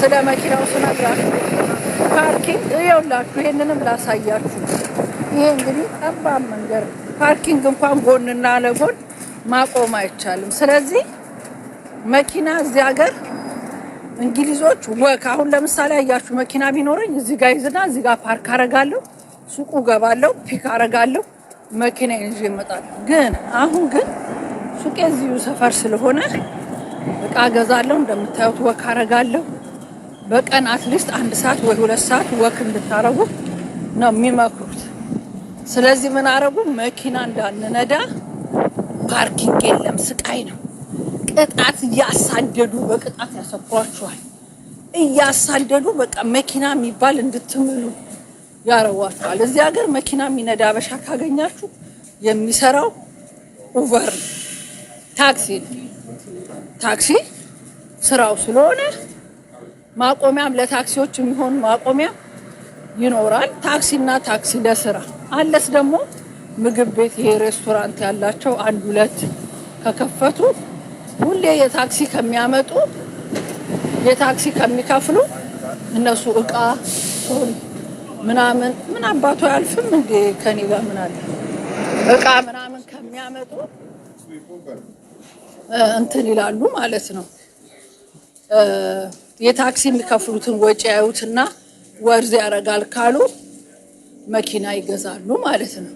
ስለ መኪናው ስነግራችሁ ፓርኪንግ ይኸውላችሁ፣ ይሄንንም ላሳያችሁ። ይሄ እንግዲህ ጠባብ መንገድ ፓርኪንግ እንኳን ጎንና ለጎን ማቆም አይቻልም። ስለዚህ መኪና እዚህ ሀገር እንግሊዞች ወክ አሁን ለምሳሌ አያችሁ መኪና ቢኖረኝ እዚህ ጋር ይዝና እዚህ ጋር ፓርክ አረጋለሁ፣ ሱቁ ገባለሁ፣ ፒክ አረጋለሁ፣ መኪና ይዤ እመጣለሁ። ግን አሁን ግን ሱቄ እዚሁ ሰፈር ስለሆነ እቃ ገዛለሁ፣ እንደምታዩት ወክ አረጋለሁ። በቀን አትሊስት አንድ ሰዓት ወይ ሁለት ሰዓት ወክ እንድታረጉ ነው የሚመክሩት። ስለዚህ ምን አረጉ? መኪና እንዳንነዳ ፓርኪንግ የለም፣ ስቃይ ነው። ቅጣት እያሳደዱ በቅጣት ያሰኳችኋል። እያሳደዱ በቃ መኪና የሚባል እንድትምሉ ያረዋችኋል። እዚህ ሀገር መኪና የሚነዳ አበሻ ካገኛችሁ የሚሰራው ኡቨር ታክሲ ታክሲ ስራው ስለሆነ ማቆሚያም ለታክሲዎች የሚሆን ማቆሚያ ይኖራል። ታክሲና ታክሲ ለስራ አለስ ደግሞ ምግብ ቤት ይሄ ሬስቶራንት ያላቸው አንድ ሁለት ከከፈቱ ሁሌ የታክሲ ከሚያመጡ የታክሲ ከሚከፍሉ እነሱ እቃ ምናምን ምን አባቱ አያልፍም እንዴ ከኔ ጋር ምን አለ እቃ ምናምን ከሚያመጡ እንትን ይላሉ ማለት ነው። የታክሲ የሚከፍሉትን ወጪ ያዩትና ወርዝ ያደርጋል ካሉ መኪና ይገዛሉ ማለት ነው።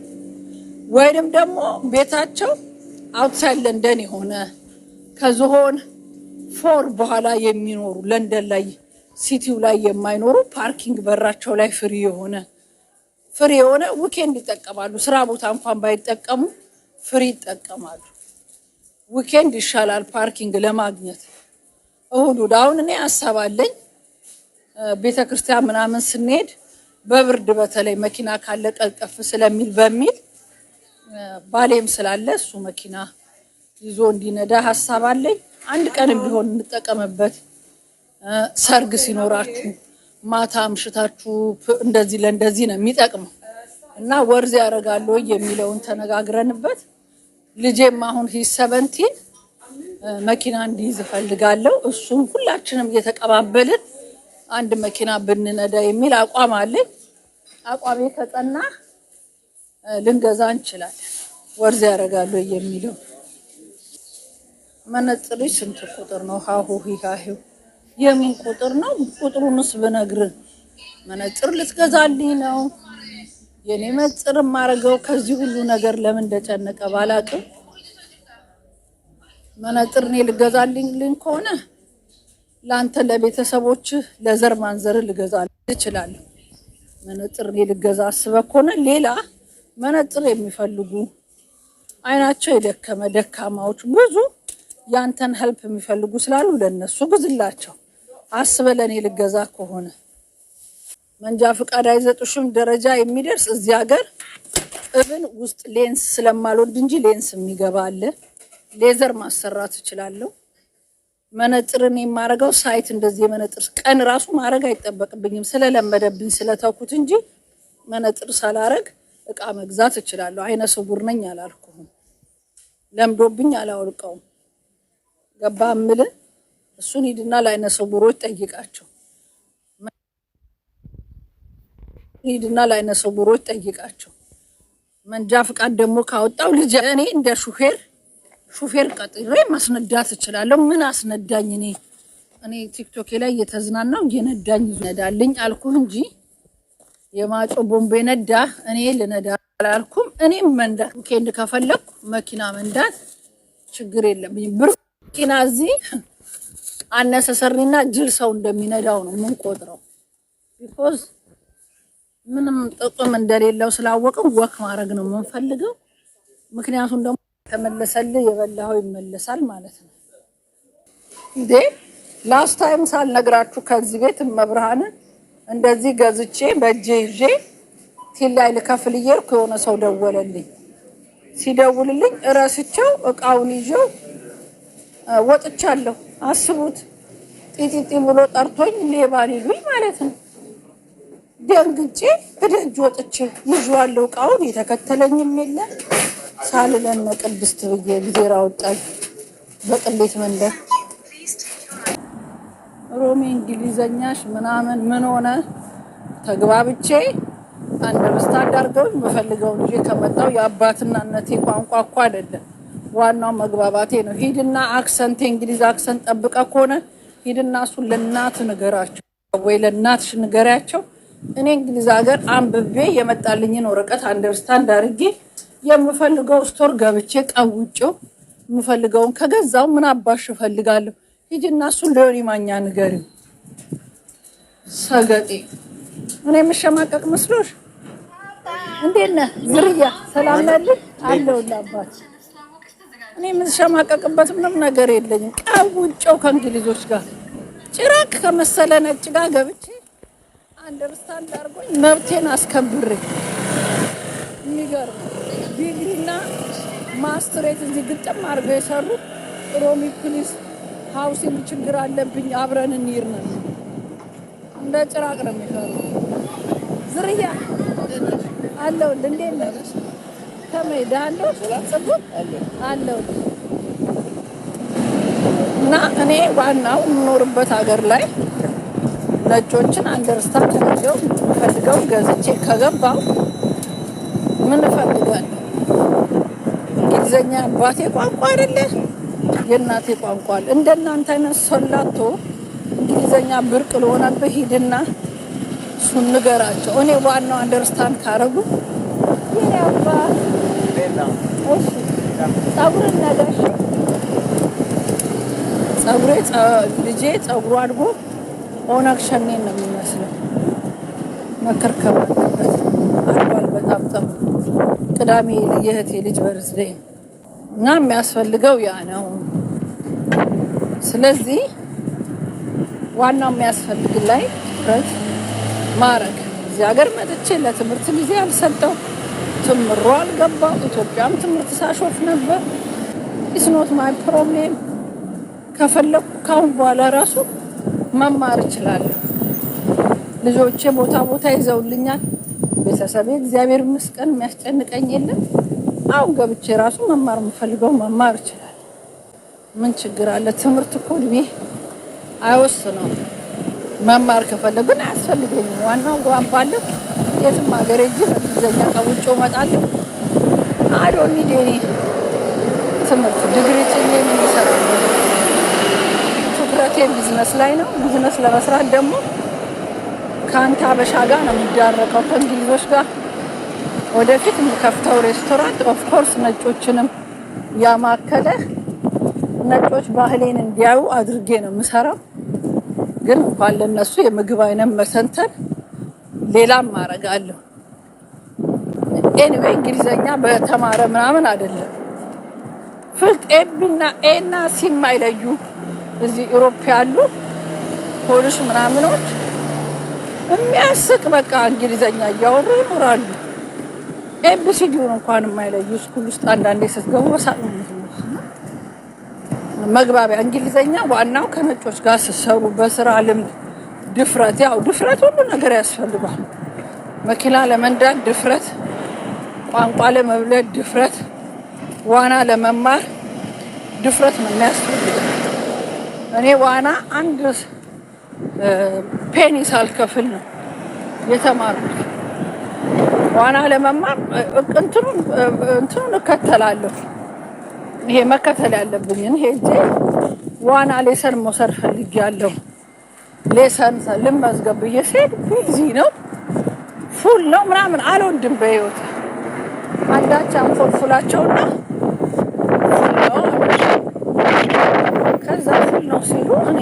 ወይንም ደግሞ ቤታቸው አውትሳይድ ለንደን የሆነ ከዝሆን ፎር በኋላ የሚኖሩ ለንደን ላይ ሲቲው ላይ የማይኖሩ ፓርኪንግ በራቸው ላይ ፍሪ የሆነ ፍሪ የሆነ ዊኬንድ ይጠቀማሉ። ስራ ቦታ እንኳን ባይጠቀሙ ፍሪ ይጠቀማሉ። ዊኬንድ ይሻላል ፓርኪንግ ለማግኘት እሁድ እሁድ አሁን እኔ ሀሳብ አለኝ ቤተ ክርስቲያን ምናምን ስንሄድ በብርድ በተለይ መኪና ካለ ቀልጠፍ ስለሚል በሚል ባሌም ስላለ እሱ መኪና ይዞ እንዲነዳ ሀሳብ አለኝ። አንድ ቀንም ቢሆን እንጠቀምበት። ሰርግ ሲኖራችሁ ማታ አምሽታችሁ እንደዚህ ለእንደዚህ ነው የሚጠቅመው እና ወርዝ ያደርጋል የሚለውን ተነጋግረንበት ልጄም አሁን ሂዝ ሰቨንቲን መኪና እንዲይዝ እፈልጋለሁ። እሱን ሁላችንም እየተቀባበልን አንድ መኪና ብንነዳ የሚል አቋም አለኝ። አቋሜ ከጸና ልንገዛ እንችላለን። ወርዝ ያደርጋሉ የሚለው መነጽሮች ስንት ቁጥር ነው? ሀሁ ሂሃሂው የምን ቁጥር ነው? ቁጥሩንስ ብነግርን መነጽር ልትገዛልኝ ነው? የኔ መጽር ማረገው ከዚህ ሁሉ ነገር ለምን እንደጨነቀ ባላቅም መነጽር እኔ ልገዛልኝ ከሆነ ለአንተ ለቤተሰቦች ለዘር ማንዘር ልገዛ እችላለሁ። መነጽር እኔ ልገዛ አስበህ ከሆነ ሌላ መነጽር የሚፈልጉ አይናቸው የደከመ ደካማዎች ብዙ ያንተን ሀልፕ የሚፈልጉ ስላሉ ለነሱ ግዝላቸው። አስበህ ለእኔ ልገዛ ከሆነ መንጃ ፈቃድ አይዘጡሽም። ደረጃ የሚደርስ እዚህ ሀገር እብን ውስጥ ሌንስ ስለማልወድ እንጂ ሌንስ የሚገባ አለ። ሌዘር ማሰራት እችላለሁ። መነጥርን የማረገው ሳይት እንደዚህ የመነጥር ቀን ራሱ ማድረግ አይጠበቅብኝም ስለለመደብኝ ስለተኩት እንጂ መነጥር ሳላረግ እቃ መግዛት እችላለሁ። አይነ ስውር ነኝ አላልኩህም። ለምዶብኝ አላወልቀውም። ገባ ምል እሱን ሂድና ለአይነ ስውሮች ጠይቃቸው፣ ሂድና ለአይነ ስውሮች ጠይቃቸው። መንጃ ፍቃድ ደግሞ ካወጣው ልጅ እኔ እንደ ሹፌር ሹፌር ቀጥሬ ማስነዳት እችላለሁ። ምን አስነዳኝ? እኔ እኔ ቲክቶኬ ላይ እየተዝናናው እየነዳኝ ነዳልኝ አልኩ እንጂ የማጮ ቦምቤ ነዳ። እኔ ልነዳ አላልኩም። እኔም መንዳት ዊኬንድ ከፈለግኩ መኪና መንዳት ችግር የለም። ብር መኪና እዚህ አነሰሰሪና ጅል ሰው እንደሚነዳው ነው የምንቆጥረው። ቢኮዝ ምንም ጥቅም እንደሌለው ስላወቅም ወክ ማድረግ ነው የምንፈልገው። ምክንያቱም ደግሞ ተመለሰል የበላኸው ይመለሳል ማለት ነው። እንዴ ላስት ታይም ሳልነግራችሁ ከዚህ ቤት መብርሃንን እንደዚህ ገዝቼ በእጄ ይዤ ቲል ላይ ልከፍል እየሄድኩ የሆነ ሰው ደወለልኝ። ሲደውልልኝ እረስቸው እቃውን ይዤው ወጥቻለሁ። አስቡት ጢጢጢ ብሎ ጠርቶኝ ሌባ ሊሉኝ ማለት ነው። ደንግጬ በደጅ ወጥቼ ይዤዋለሁ እቃውን የተከተለኝም የለም። ሳልለን ቅድስት ብዬ እግዜር አወጣኝ። በቅሌት መንደር ሮሚ እንግሊዘኛሽ ምናምን ምን ሆነ ተግባብቼ አንደርስት አዳርገው የምፈልገውን ልጅ ከመጣው የአባትና እነቴ ቋንቋ እኮ አይደለም ዋናው መግባባቴ ነው። ሂድና አክሰንት የእንግሊዝ አክሰንት ጠብቀ ከሆነ ሂድና እሱን ለእናት ንገራቸው ወይ ለእናትሽ ንገሪያቸው። እኔ እንግሊዝ ሀገር አንብቤ የመጣልኝን ወረቀት አንደርስታንድ አድርጌ የምፈልገው ስቶር ገብቼ ቀውጮ የምፈልገውን ከገዛው ምን አባሽ እፈልጋለሁ? ሂጂና እሱን ሊሆን ማኛ ንገሪው። ሰገጤ እኔ የምሸማቀቅ መስሎሽ? እንዴት ነህ ዝርያ? ሰላም ነልህ አለሁልህ አባት። እኔ የምሸማቀቅበት ምንም ነገር የለኝም። ቀውጮው ከእንግሊዞች ጋር ጭራቅ ከመሰለ ነጭ ጋር ገብቼ አንደርስታንድ አድርጎኝ መብቴን አስከብሬ የሚገርም ዲግሪና ማስትሬት እዚህ ግጥም አድርገው የሰሩት ሮሚ ፕሊስ ሀውሲንግ ችግር አለብኝ አብረን እንሂድ ነው። እንደ ጭራቅ ነው የሚሰሩ ዝርያ አለው። እንዴት ነው ከመሄድ አለው ጽጉት አለው እና እኔ ዋናው የምኖርበት ሀገር ላይ ነጮችን አንደርስታንድ ፈልገው ገዝቼ ከገባው ምን እፈልግ እንግሊዘኛ አባቴ ቋንቋ አይደለ የእናቴ ቋንቋ አለ። እንደ እናንተ አይነት ሰላቶ እንግሊዘኛ ብርቅ ለሆነብህ ሂድና እሱን ንገራቸው። እኔ ዋናው አንደርስታንድ ካረጉ የኔ አባት ጸጉርን ነገር ጸጉሬ ልጄ ጸጉሩ አድጎ ኦነግ ሸኔን ነው የሚመስለው። መከርከባ አልቋል። በጣም ጠ ቅዳሜ የእህቴ ልጅ በርዝዴ እና የሚያስፈልገው ያ ነው። ስለዚህ ዋናው የሚያስፈልግ ላይ ትኩረት ማድረግ። እዚህ ሀገር መጥቼ ለትምህርት ጊዜ አልሰጠው ትምሮ አልገባው። ኢትዮጵያም ትምህርት ሳሾፍ ነበር። ኢስኖት ማይ ፕሮብሌም። ከፈለግኩ ካሁን በኋላ ራሱ መማር እችላለሁ። ልጆቼ ቦታ ቦታ ይዘውልኛል። ቤተሰቤ እግዚአብሔር ይመስገን የሚያስጨንቀኝ የለም። አው ገብቼ ራሱ መማር የምፈልገው መማር ይችላል። ምን ችግር አለ? ትምህርት እኮ እድሜ አይወስነውም። መማር ከፈለግ ግን አያስፈልገኝም። ዋናው ጓን ባለ የትም ሀገር እጅ በእንግሊዝኛ ከውጭ እመጣለሁ። አዶኒ ዴኔ ትምህርት ዲግሪ ጭኜ የሚሰራ ትኩረቴ ቢዝነስ ላይ ነው። ቢዝነስ ለመስራት ደግሞ ከአንተ አበሻ ጋር ነው የሚዳረቀው ከእንግሊዞች ጋር ወደፊት የምከፍተው ሬስቶራንት ኦፍኮርስ ነጮችንም ያማከለ ነጮች ባህሌን እንዲያዩ አድርጌ ነው የምሰራው። ግን እንኳን ለነሱ የምግብ አይነት መሰንተን ሌላም ማረጋለሁ። ኤኒዌይ እንግሊዘኛ በተማረ ምናምን አይደለም። ፍልጥ ኤቢና ኤና ሲማይለዩ እዚህ ኢሮፕ ያሉ ፖሊስ ምናምኖች የሚያስቅ በቃ እንግሊዘኛ እያወሩ ይኖራሉ። ኤምበሲዲውን እንኳን የማይለዩ ስኩል ውስጥ አንዳንዴ ስትገቡ በሳቅ መግባቢያ እንግሊዘኛ ዋናው ከነጮች ጋር ስሰሩ በስራ ልምድ ድፍረት፣ ያው ድፍረት ሁሉ ነገር ያስፈልጋል። መኪና ለመንዳት ድፍረት፣ ቋንቋ ለመብለድ ድፍረት፣ ዋና ለመማር ድፍረት ነው የሚያስፈልገው። እኔ ዋና አንድ ፔኒ ሳልከፍል ነው የተማርኩት። ዋና ለመማር እንትኑን እንትኑን እከተላለሁ። ይሄ መከተል ያለብኝን ሄጄ ዋና ሌሰን መውሰድ ፈልጌያለሁ። ሌሰን ልመዝገብ ብዬ ስሄድ ቢዚ ነው፣ ፉል ነው ምናምን አልወድም። በህይወት አንዳች አንፎልፉላቸውና ከዛ ፉል ነው ሲሉ እኔ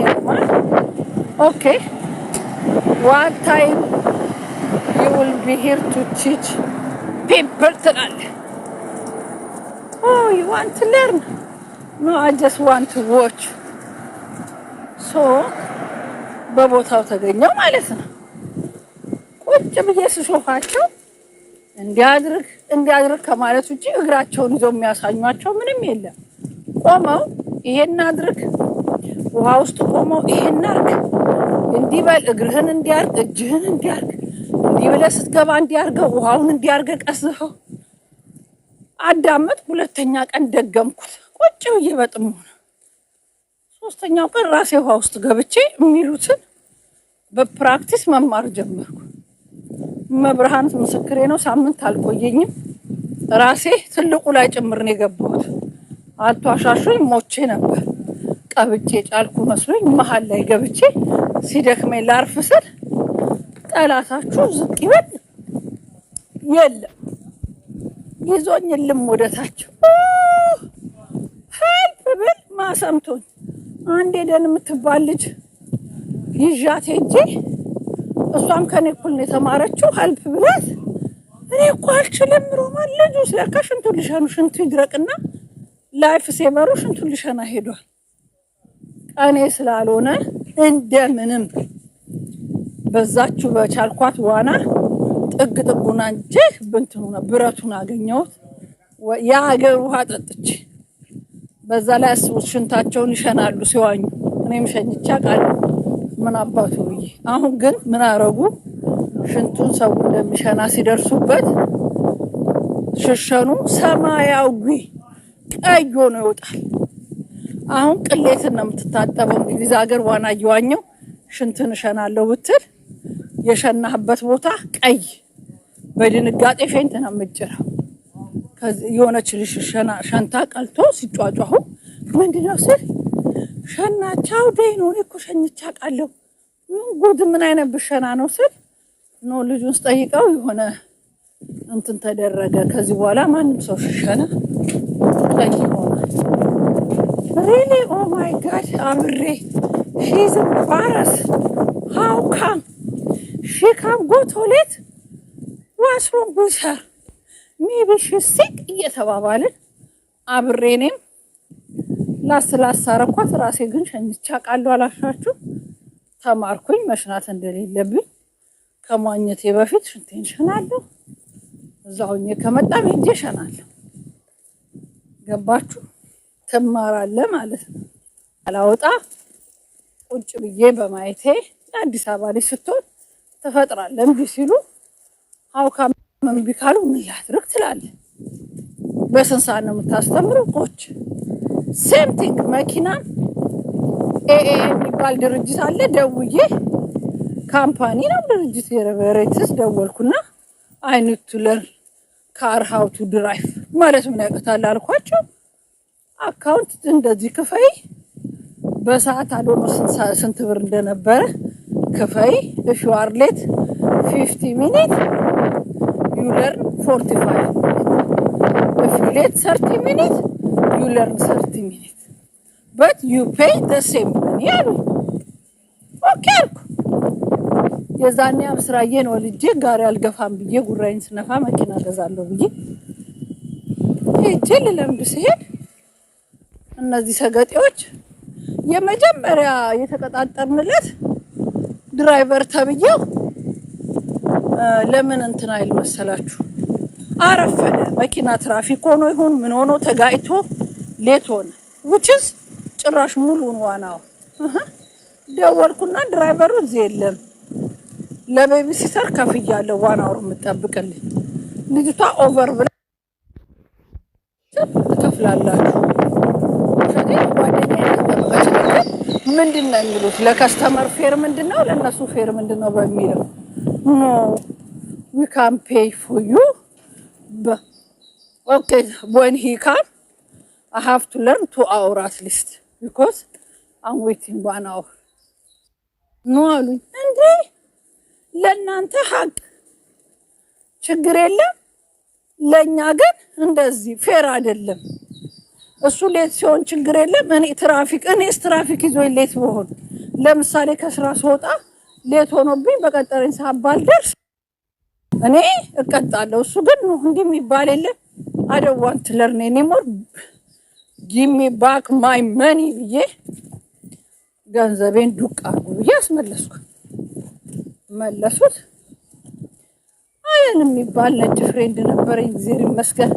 ኦኬ ዋን ታይም ዩል ቢ ሄር ቱ ቲች ፒፕል ዋንት ለርን ኖ አይ ጀስት ዋንት ዎች ሶ በቦታው ተገኘው ማለት ነው። ቁጭ ብዬ ስሾፋቸው እንዲያድርግ እንዲያድርግ ከማለት ውጭ እግራቸውን ይዘው የሚያሳኟቸው ምንም የለም። ቆመው ይሄን አድርግ፣ ውሃ ውስጥ ቆመው ይሄን አድርግ፣ እንዲበል፣ እግርህን እንዲያርግ፣ እጅህን እንዲያርግ እንዲህ ብለህ ስትገባ እንዲያርገው ውሃውን እንዲያርገ ቀዝፈው አዳመጥ። ሁለተኛ ቀን ደገምኩት። ቁጭ ብዬ በጥሞና ሶስተኛው ቀን ራሴ ውሃ ውስጥ ገብቼ የሚሉትን በፕራክቲስ መማር ጀመርኩ። መብርሃን ምስክሬ ነው። ሳምንት አልቆየኝም። ራሴ ትልቁ ላይ ጭምር ነው የገባሁት። አልቷሻሹኝ ሞቼ ነበር። ቀብቼ ጫልኩ መስሎኝ መሀል ላይ ገብቼ ሲደክመኝ ላርፍ ስል ጠላታችሁ ዝቅ ይበል። የለም ይዞኝ ልም ወደታችሁ ሀይብ ብል ማሰምቶኝ አንድ ደን የምትባል ልጅ ይዣት ሄጄ እሷም ከኔ እኩል ነው የተማረችው። ሀልፍ ብላት እኔ እኮ አልችልም ሮማን ልጁ ስለካ ሽንቱ ልሸኑ ሽንቱ ይድረቅና ላይፍ ሴቨሩ ሽንቱ ልሸና ሄዷል። ቀኔ ስላልሆነ እንደምንም በዛችሁ በቻልኳት ዋና ጥግ ጥጉና እንጂ ብንትኑ ብረቱን አገኘሁት። የሀገር ውሃ ጠጥች። በዛ ላይ አስቡት፣ ሽንታቸውን ይሸናሉ ሲዋኙ። እኔም ሸኝቻ ቃል ምን አባቱ ብዬ። አሁን ግን ምን አረጉ? ሽንቱን ሰው እንደሚሸና ሲደርሱበት ሽሸኑ ሰማያዊ ቀይ ሆኖ ይወጣል። አሁን ቅሌትን ነው የምትታጠበው። እንግሊዝ ሀገር ዋና እየዋኘው ሽንትን እሸናለሁ ብትል የሸናህበት ቦታ ቀይ በድንጋጤ ፌንት ነው የምጭረው። የሆነች ልጅ ሸንታ ቀልቶ ሲጫጫሁ ምንድነው ስል ሸናቻው ደይ ነው። እኮ ሸኝቻ ቃለሁ ምን ጉድ ምን አይነት ብሸና ነው ስል ኖ ልጁን ስጠይቀው የሆነ እንትን ተደረገ። ከዚህ በኋላ ማንም ሰው ሽሸና ጠይ ይሆናል። ሪሊ ኦ ማይ ጋድ አብሬ ሺዝ ባረስ ሀው ካም she ጎቶሌት go toilet washroom ሲቅ her እየተባባልን አብሬ እኔም አረኳት። ራሴ ግን ሸኝቻ ቃለሁ አላሻችሁ ተማርኩኝ መሽናት እንደሌለብኝ ከሟኘቴ በፊት ሽንቴን ሸናለሁ። እዛ ከመጣ ከመጣም ሄጄ ሸናለሁ። ገባችሁ? ትማራለ ማለት ነው። አላወጣ ቁጭ ብዬ በማየቴ የአዲስ አበባ ልጅ ስትሆን ትፈጥራለህ። እምቢ ሲሉ ሀውካም እምቢ ካሉ ምን ላድርግ ትላለህ። በስንት ሰዓት ነው የምታስተምረው? ቆች ሴም ቲንግ መኪና ኤኤ የሚባል ድርጅት አለ። ደውዬ ካምፓኒ ነው ድርጅት የረበሬትስ ደወልኩና አይነት ለር ካር ሃው ቱ ድራይቭ ማለት ምን ያውቀታል አልኳቸው። አካውንት እንደዚህ ክፈይ በሰዓት አልሆነ ስንት ብር እንደነበረ ክፈይ እሽዋርሌት ፊፍቲ ሚኒት ዩለርን ፎርቲ ፋይቭ እፍሌት ሰርቲ ሚኒት ዩለርን ሰርቲ ሚኒት በት ዩ ፔይ ደ ሴም ምን ያሉ ኦኬ አልኩ። የዛኔ አብስራዬን ወልጄ ጋሪ አልገፋም ብዬ ጉራይን ስነፋ መኪና ገዛለሁ ብዬ ሄጄ ልለምድ ስሄድ እነዚህ ሰገጤዎች የመጀመሪያ የተቀጣጠርንለት ድራይቨር ተብዬው ለምን እንትን አይል መሰላችሁ? አረፈደ። መኪና ትራፊክ ሆኖ ይሁን ምን ሆኖ ተጋይቶ ሌት ሆነ። ውችስ ጭራሽ ሙሉን ዋናው ደወልኩና ድራይቨሩ እዚህ የለም፣ ለቤቢ ሲተር ከፍያለሁ ዋን አወር የምጠብቅልኝ ልጅቷ ኦቨር ብላ ትከፍላላችሁ። ከዚህ ጓደኛ ምንድን ነው የሚሉት? ለከስተመር ፌር ምንድን ነው ለእነሱ ፌር ምንድን ነው በሚለው ኖ ዊ ካን ፔይ ፎ ዩ ኦኬ ወን ሂ ካም አይ ሃቭ ቱ ለርን ቱ አወር አት ሊስት ቢኮዝ አም ዌቲንግ ዋን አወር ኖ አሉኝ። እንዴ ለእናንተ ሀቅ ችግር የለም ለእኛ ግን እንደዚህ ፌር አይደለም። እሱ ሌት ሲሆን ችግር የለም። እኔ ትራፊክ እኔስ ትራፊክ ይዞ ሌት በሆን ለምሳሌ ከስራ ስወጣ ሌት ሆኖብኝ በቀጠረኝ ሰዓት ባልደርስ እኔ እቀጣለሁ። እሱ ግን እንዲህ የሚባል የለም። አደዋን ትለርኔ ኒሞር ጊሚ ባክ ማይ መኒ ብዬ ገንዘቤን ዱቅ አርጉ ብዬ አስመለስኩ። መለሱት። አየን የሚባል ነጭ ፍሬንድ ነበረኝ። እግዜር ይመስገን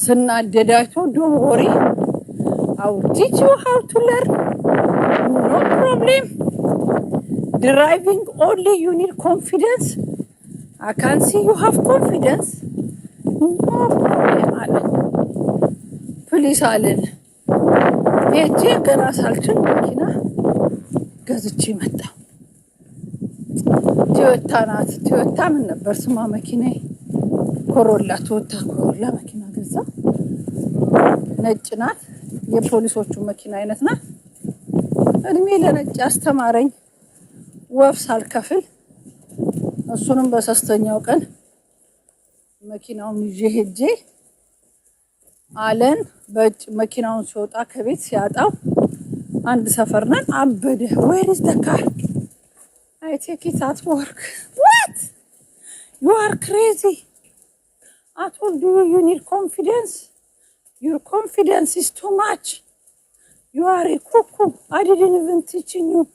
ስናደዳቸው ዶን ወሪ አው ቲች ዩ ሃው ቱ ለርን ኖ ፕሮብሌም ድራይቪንግ ኦንሊ ዩ ኒድ ኮንፊደንስ አይ ካን ሲ ዩ ሃቭ ኮንፊደንስ ኖ ፕሮብሌም አለ። ፕሊስ አለን ሄጄ ገና ሳልችል መኪና ገዝቼ መጣሁ። ቶዮታ ናት። ቶዮታ ምን ነበር ስማ መኪና ኮሮላ ቶዮታ ኮሮላ መኪና እንደዛ ነጭ ናት። የፖሊሶቹ መኪና አይነት ናት። እድሜ ለነጭ አስተማረኝ ወፍ ሳልከፍል እሱንም በሶስተኛው ቀን መኪናውን ይዤ ሄጄ አለን በእጭ መኪናውን ሲወጣ ከቤት ሲያጣው አንድ ሰፈር ነን። አበደ ወይስ ደካር አይ ቴክ ኢት አት ወርክ ዋት ዩ አር ክሬዚ I told you you need confidence. Your confidence is too much. You are a cuckoo. I didn't even teaching you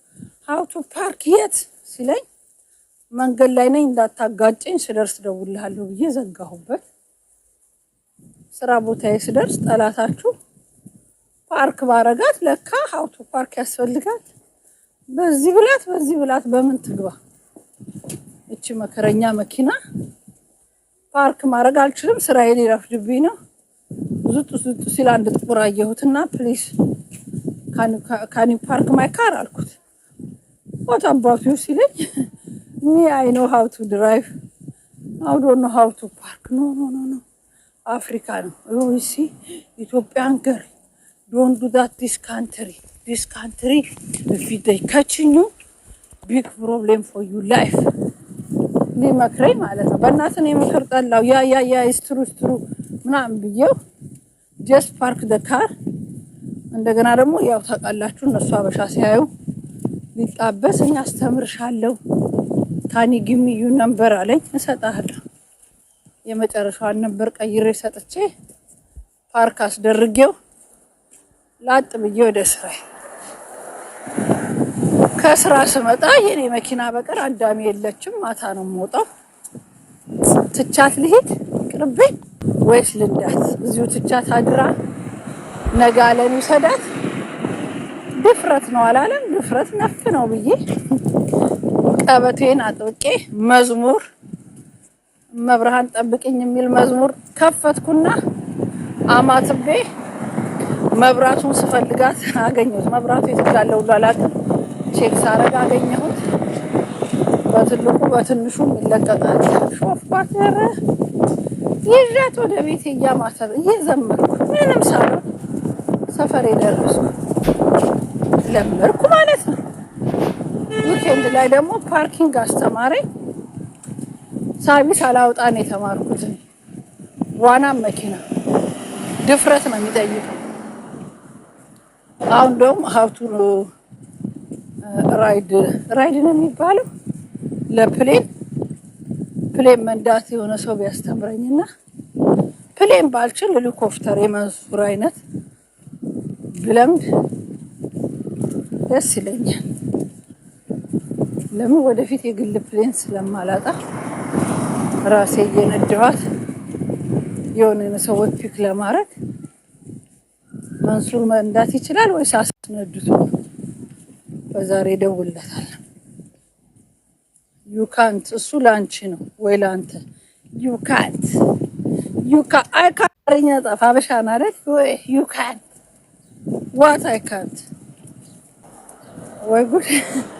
how to park yet ሲለኝ መንገድ ላይ ነኝ እንዳታጋጨኝ ስደርስ ደውልሃለሁ ብዬ ዘጋሁበት። ስራ ቦታዬ ስደርስ ጠላታችሁ ፓርክ ባረጋት ለካ ሀውቱ ፓርክ ያስፈልጋል። በዚህ ብላት በዚህ ብላት በምን ትግባ እቺ መከረኛ መኪና ፓርክ ማድረግ አልችልም። ስራዬን ይረፍድብኝ ነው። ዙጥ ዙጥ ሲል አንድ ጥቁር አየሁትና ፕሊስ ካኒ ፓርክ ማይካር አልኩት። ዋት አባት ዩ ሲለኝ ሚ አይ ኖ ሀው ቱ ድራይቭ አው ዶንት ኖ ሀው ቱ ፓርክ ኖ ኖ ኖ ኖ አፍሪካ ነው ዩሲ ኢትዮጵያን ገር ዶንት ዱ ዳት ዲስ ካንትሪ ዲስ ካንትሪ ፊደይ ከችኙ ቢግ ፕሮብሌም ፎር ዩ ላይፍ ሊመክረኝ ማለት ነው። በእናትህ እኔ ምክር ጠላው። ያ ያ ያ ስትሩ ስትሩ ምናምን ብየው ጀስት ፓርክ ደካር እንደገና ደግሞ ያው ታውቃላችሁ እነሱ አበሻ ሲያዩ ሊጣበስ እኛ አስተምርሻለሁ ታኒ ግሚዩ ነበር አለኝ። እሰጣለሁ የመጨረሻዋን ነበር ቀይሬ ሰጥቼ ፓርክ አስደርጌው ላጥ ብዬ ወደ ስራዬ ከስራ ስመጣ የኔ መኪና በቀር አዳሚ የለችም። ማታ ነው የምወጣው። ትቻት ልሂድ ቅርቤ ወይስ ልንዳት? እዚሁ ትቻት አድራ ነገ አለን ውሰዳት። ድፍረት ነው አላለም? ድፍረት ነፍ ነው ብዬ ቀበቴን አጥብቄ መዝሙር መብርሃን ጠብቅኝ የሚል መዝሙር ከፈትኩና አማትቤ መብራቱን ስፈልጋት አገኘሁት። መብራቱ የት እንዳለ ሁሉ አላውቅም። ቼክ ሳረግ አገኘሁት። በትልቁ በትንሹ የሚለቀቃል ሾፍ ባከረ ይዣት ወደ ቤት እያማተር እየዘመርኩ ምንም ሳለ ሰፈር የደረሱ ለመርኩ ማለት ነው። ዊኬንድ ላይ ደግሞ ፓርኪንግ አስተማሪ ሳቢ አላውጣን የተማርኩትን ዋናም መኪና ድፍረት ነው የሚጠይቀው። አሁን ደግሞ ሀብቱ ራይድ ራይድ ነው የሚባለው ለፕሌን ፕሌን መንዳት የሆነ ሰው ቢያስተምረኝና ፕሌን ባልችል ሄሊኮፍተር የመንሱር አይነት ብለምድ ደስ ይለኛል። ለምን ወደፊት የግል ፕሌን ስለማላጣ ራሴ እየነዳኋት የሆነ ሰዎች ፒክ ለማድረግ መንሱር መንዳት ይችላል ወይስ አስነዱት? በዛሬ እደውልለታለሁ። ዩካንት እሱ ለአንቺ ነው ወይ ለአንተ? ዩካንት ዩካ አይካርኛ ጻፍ አበሻ ማለት ወይ ዩካንት ዋት አይካንት ወይ ጉድ